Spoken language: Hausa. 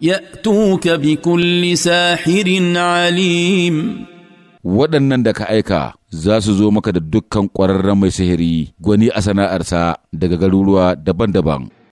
يأتوك بكل ساحر عليم waɗannan da ka aika za su zo maka da dukkan ƙwararren mai sihiri gwani a sana'arsa daga garuruwa daban-daban.